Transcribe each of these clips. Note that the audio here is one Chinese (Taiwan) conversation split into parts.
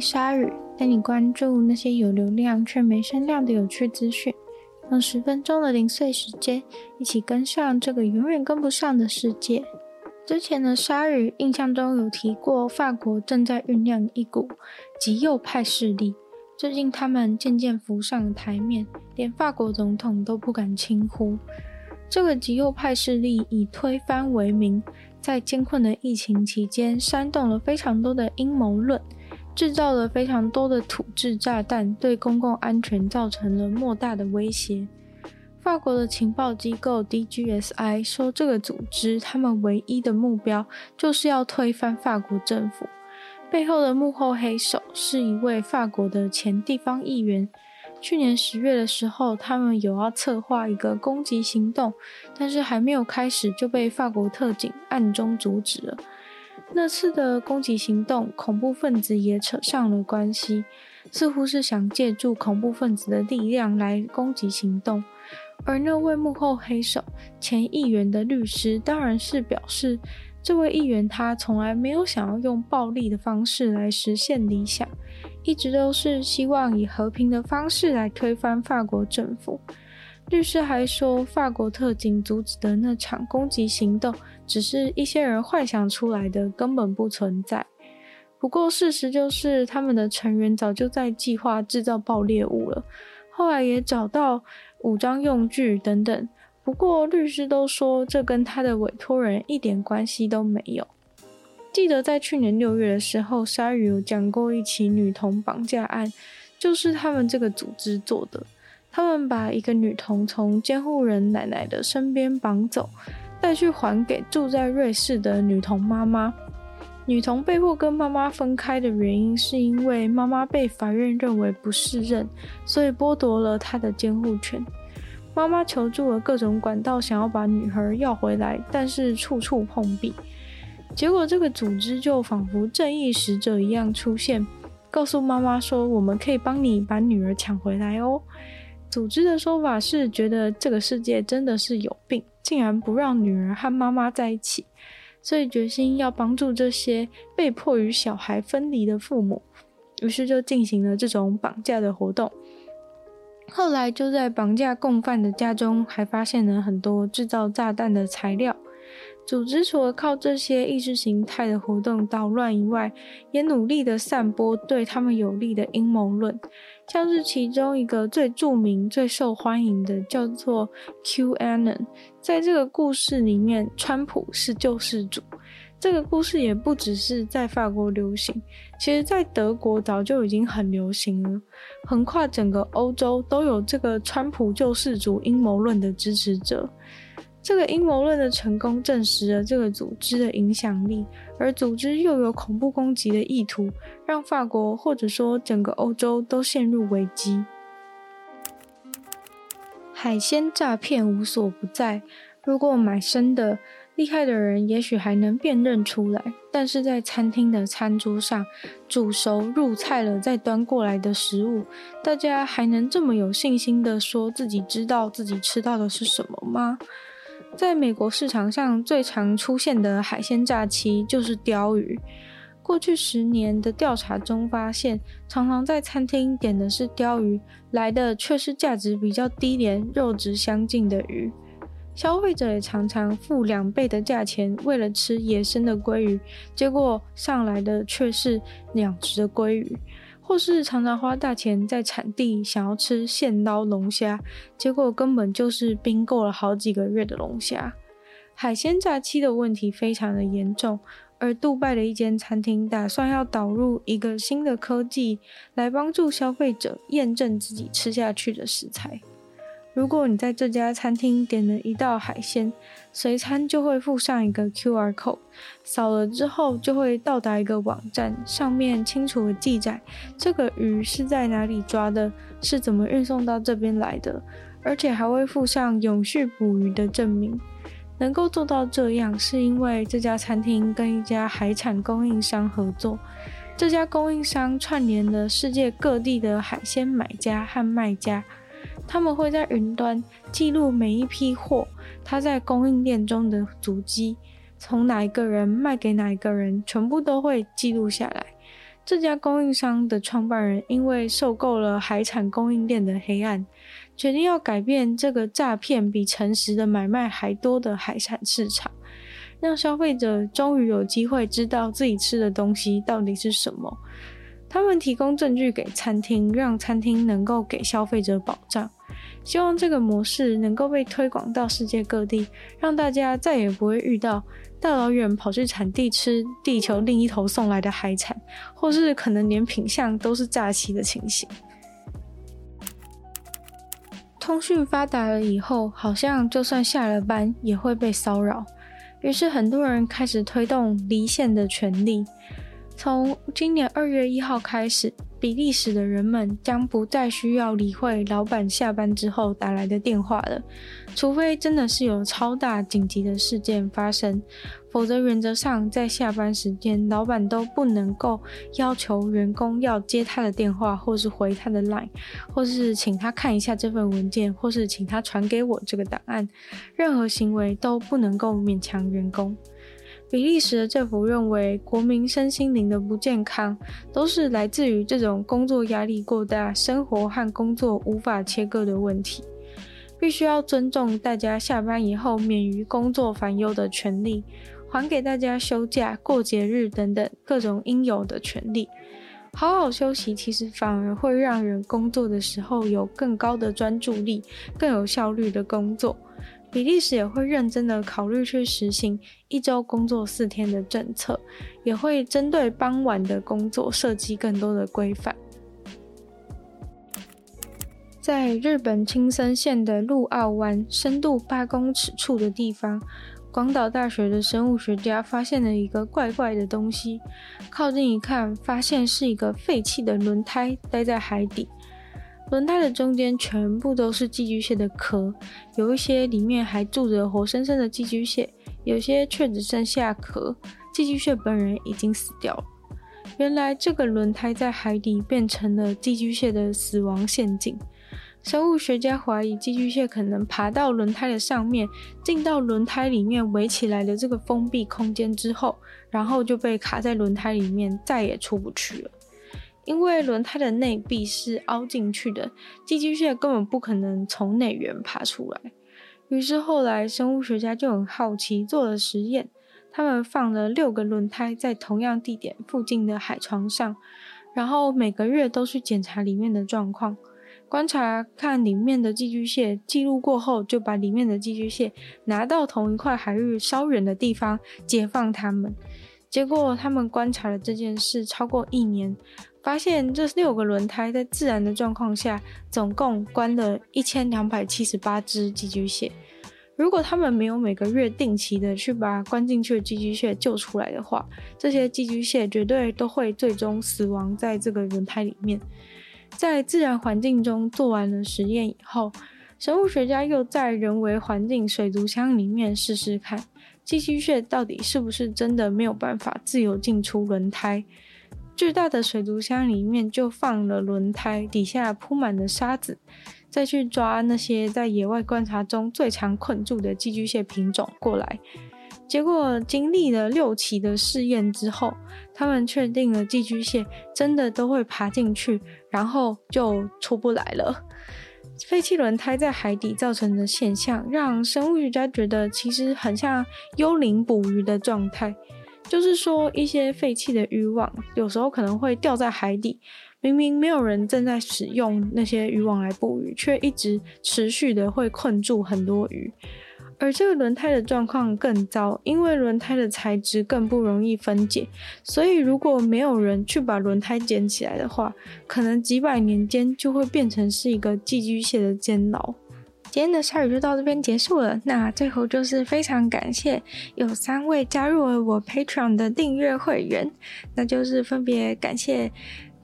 鯊魚帶你關注那些有流量卻沒聲量的有趣資訊，用十分鐘的零碎時間，一起跟上這個永遠跟不上的世界。之前的鯊魚印象中有提過，法國正在醞釀一股極右派勢力，最近他們漸漸浮上了台面，連法國總統都不敢輕忽。這個極右派勢力以推翻為名，在艱困的疫情期間，煽動了非常多的陰謀論。製造了非常多的土製炸彈，對公共安全造成了莫大的威脅。法國的情報機構 DGSI 說，這個組織他們唯一的目標就是要推翻法國政府，背後的幕後黑手是一位法國的前地方議員。去年十月的時候，他們有要策劃一個攻擊行動，但是還沒有開始就被法國特警暗中阻止了。那次的攻擊行動，恐怖分子也扯上了關係，似乎是想借助恐怖分子的力量來攻擊行動。而那位幕後黑手、前議員的律師當然是表示，這位議員他從來沒有想要用暴力的方式來實現理想，一直都是希望以和平的方式來推翻法國政府。律師還說，法國特警阻止的那場攻擊行動，只是一些人幻想出來的，根本不存在。不過事實就是，他們的成員早就在計劃制造爆裂物了，後來也找到武裝用具等等。不過律師都說，這跟他的委托人一點關係都沒有。記得在去年六月的時候，鯊魚有講過一起女童綁架案，就是他們這個組織做的。他們把一個女童從監護人奶奶的身邊綁走，帶去還給住在瑞士的女童媽媽。女童被迫跟媽媽分開的原因，是因為媽媽被法院認為不適任，所以剝奪了她的監護權。媽媽求助了各種管道，想要把女兒要回來，但是處處碰壁。結果，這個組織就仿佛正義使者一樣出現，告訴媽媽說：“我們可以幫你把女兒搶回來哦。”組織的說法是覺得這個世界真的是有病，竟然不讓女兒和媽媽在一起，所以決心要幫助這些被迫與小孩分離的父母，於是就進行了這種綁架的活動。後來就在綁架共犯的家中還發現了很多製造炸彈的材料。組織除了靠這些意識形態的活動搗亂以外，也努力的散播對他們有利的陰謀論。像是其中一個最著名、最受歡迎的，叫做 QAnon。在這個故事裡面，川普是救世主。這個故事也不只是在法國流行，其實在德國早就已經很流行了。橫跨整個歐洲，都有這個川普救世主陰謀論的支持者。這個陰謀論的成功證實了這個組織的影響力，而組織又有恐怖攻擊的意圖，讓法國或者說整個歐洲都陷入危機。海鮮詐騙無所不在，如果買生的厲害的人也許還能辨認出來，但是在餐廳的餐桌上煮熟入菜了再端過來的食物，大家還能這麼有信心地說自己知道自己吃到的是什麼嗎？在美國市場上最常出現的海鮮詐欺就是鯛魚。過去十年的調查中發現，常常在餐廳點的是鯛魚，來的卻是價值比較低廉、肉質相近的魚。消費者也常常付兩倍的價錢，為了吃野生的鮭魚，結果上來的卻是養殖的鮭魚。或是常常花大錢在產地想要吃現撈龍蝦，結果根本就是冰過了好幾個月的龍蝦。海鮮詐欺的問題非常的嚴重，而杜拜的一間餐廳打算要導入一個新的科技，來幫助消費者驗證自己吃下去的食材。如果你在這家餐廳點了一道海鮮，隨餐就會附上一個 QR code，掃了之後就會到達一個網站，上面清楚的記載這個魚是在哪裡抓的，是怎麼運送到這邊來的，而且還會附上永續捕魚的證明。能夠做到這樣，是因為這家餐廳跟一家海產供應商合作，這家供應商串聯了世界各地的海鮮買家和賣家。他們會在雲端記錄每一批貨，它在供應鏈中的足跡，從哪一個人賣給哪一個人，全部都會記錄下來。這家供應商的創辦人因為受夠了海產供應鏈的黑暗，決定要改變這個詐騙比誠實的買賣還多的海產市場，讓消費者終於有機會知道自己吃的東西到底是什麼。他們提供證據給餐廳，讓餐廳能夠給消費者保障，希望這個模式能夠被推廣到世界各地，讓大家再也不會遇到大老遠跑去產地吃地球另一頭送來的海產，或是可能連品相都是詐欺的情形。通訊發達了以後，好像就算下了班也會被騷擾，於是很多人開始推動離線的權利。從今年二月一號開始，比利時的人們將不再需要理會老板下班之後打來的電話了。除非真的是有超大緊急的事件發生，否則原則上在下班時間，老板都不能夠要求員工要接他的電話，或是回他的 Line，或是請他看一下這份文件，或是請他傳給我這個檔案。任何行為都不能夠勉強員工。比利時的政府認為，國民身心靈的不健康都是來自於這種工作壓力過大、生活和工作無法切割的問題，必須要尊重大家下班以後免於工作煩憂的權利，還給大家休假、過節日等等各種應有的權利。好好休息，其實反而會讓人工作的時候有更高的專注力，更有效率的工作。比利時也會認真的考慮去實行一周工作四天的政策，也會針對傍晚的工作設計更多的規範。在日本青森縣的陸奧灣深度八公尺處的地方，廣島大學的生物學家發現了一個怪怪的東西，靠近一看，發現是一個廢棄的輪胎，待在海底。輪胎的中間全部都是寄居蟹的殼，有一些裡面還住着活生生的寄居蟹，有些卻只剩下殼，寄居蟹本人已經死掉了。原來這個輪胎在海底變成了寄居蟹的死亡陷阱。生物學家懷疑寄居蟹可能爬到輪胎的上面，進到輪胎裡面圍起來的這個封閉空間之後，然後就被卡在輪胎裡面，再也出不去了。因為輪胎的內壁是凹進去的，寄居蟹根本不可能從內緣爬出來。於是後來，生物學家就很好奇，做了實驗。他們放了六個輪胎在同樣地點附近的海床上，然後每個月都去檢查裡面的狀況，觀察看裡面的寄居蟹。記錄過後，就把裡面的寄居蟹拿到同一塊海域稍遠的地方，解放它們。結果，他們觀察了這件事超過一年，發現這六個輪胎在自然的狀況下，總共關了一千兩百七十八隻寄居蟹。如果他們沒有每個月定期的去把關進去的寄居蟹救出來的話，這些寄居蟹絕對都會最終死亡在這個輪胎裡面。在自然環境中做完了實驗以後，生物學家又在人為環境水族箱裡面試試看。寄居蟹到底是不是真的沒有辦法自由進出輪胎？巨大的水族箱裡面就放了輪胎，底下鋪滿了沙子，再去抓那些在野外觀察中最常困住的寄居蟹品種過來。結果經歷了六期的試驗之後，他們確定了寄居蟹真的都會爬進去，然後就出不來了。廢棄輪胎在海底造成的現象，讓生物學家覺得其實很像幽靈捕魚的狀態。就是說，一些廢棄的漁網有時候可能會掉在海底，明明沒有人正在使用那些漁網來捕魚，卻一直持續的會困住很多魚。而這個輪胎的狀況更糟，因為輪胎的材質更不容易分解，所以如果沒有人去把輪胎撿起來的話，可能幾百年間就會變成是一個寄居蟹的監牢。今天的鯊語就到這邊結束了。那最後就是非常感謝有三位加入了我 Patreon 的訂閱會員，那就是分別感謝。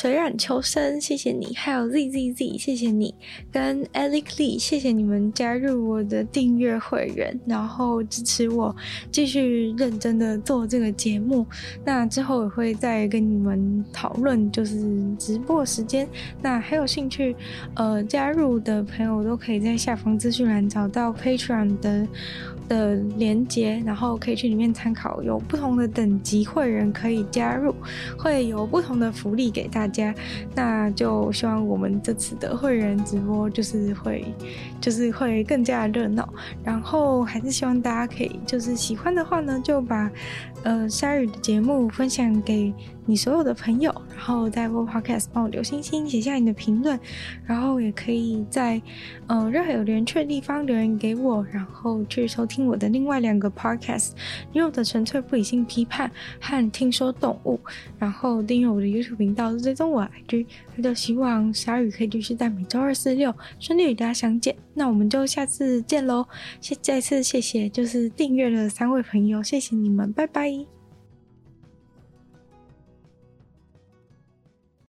水染求生，謝謝你；還有 zzz，謝謝你，跟 Alex Lee，謝謝你們加入我的訂閱會員，然後支持我繼續認真的做這個節目。那之後也會再跟你們討論，就是直播時間。那還有興趣呃加入的朋友，都可以在下方資訊欄找到 Patreon 的。的連結，然後可以去裡面參考，有不同的等級會員可以加入，會有不同的福利給大家。那就希望我們這次的會員直播就是會，就是會更加熱鬧。然後還是希望大家可以就是喜歡的話呢，就把呃鯊魚的節目分享給你所有的朋友。然後在播 podcast 幫我留星星，寫下你的評論，然後也可以在呃任何有連結的地方留言給我，然後去收聽我的另外兩個 podcast，《女友的純粹不理性批判》和《聽說動物》，然後訂閱我的 YouTube 頻道。追蹤我 IG，那就希望鯊語可以繼續在每周二、四、六順利與大家相見。那我們就下次見嘍！再再次謝謝，就是訂閱的三位朋友，謝謝你們，拜拜。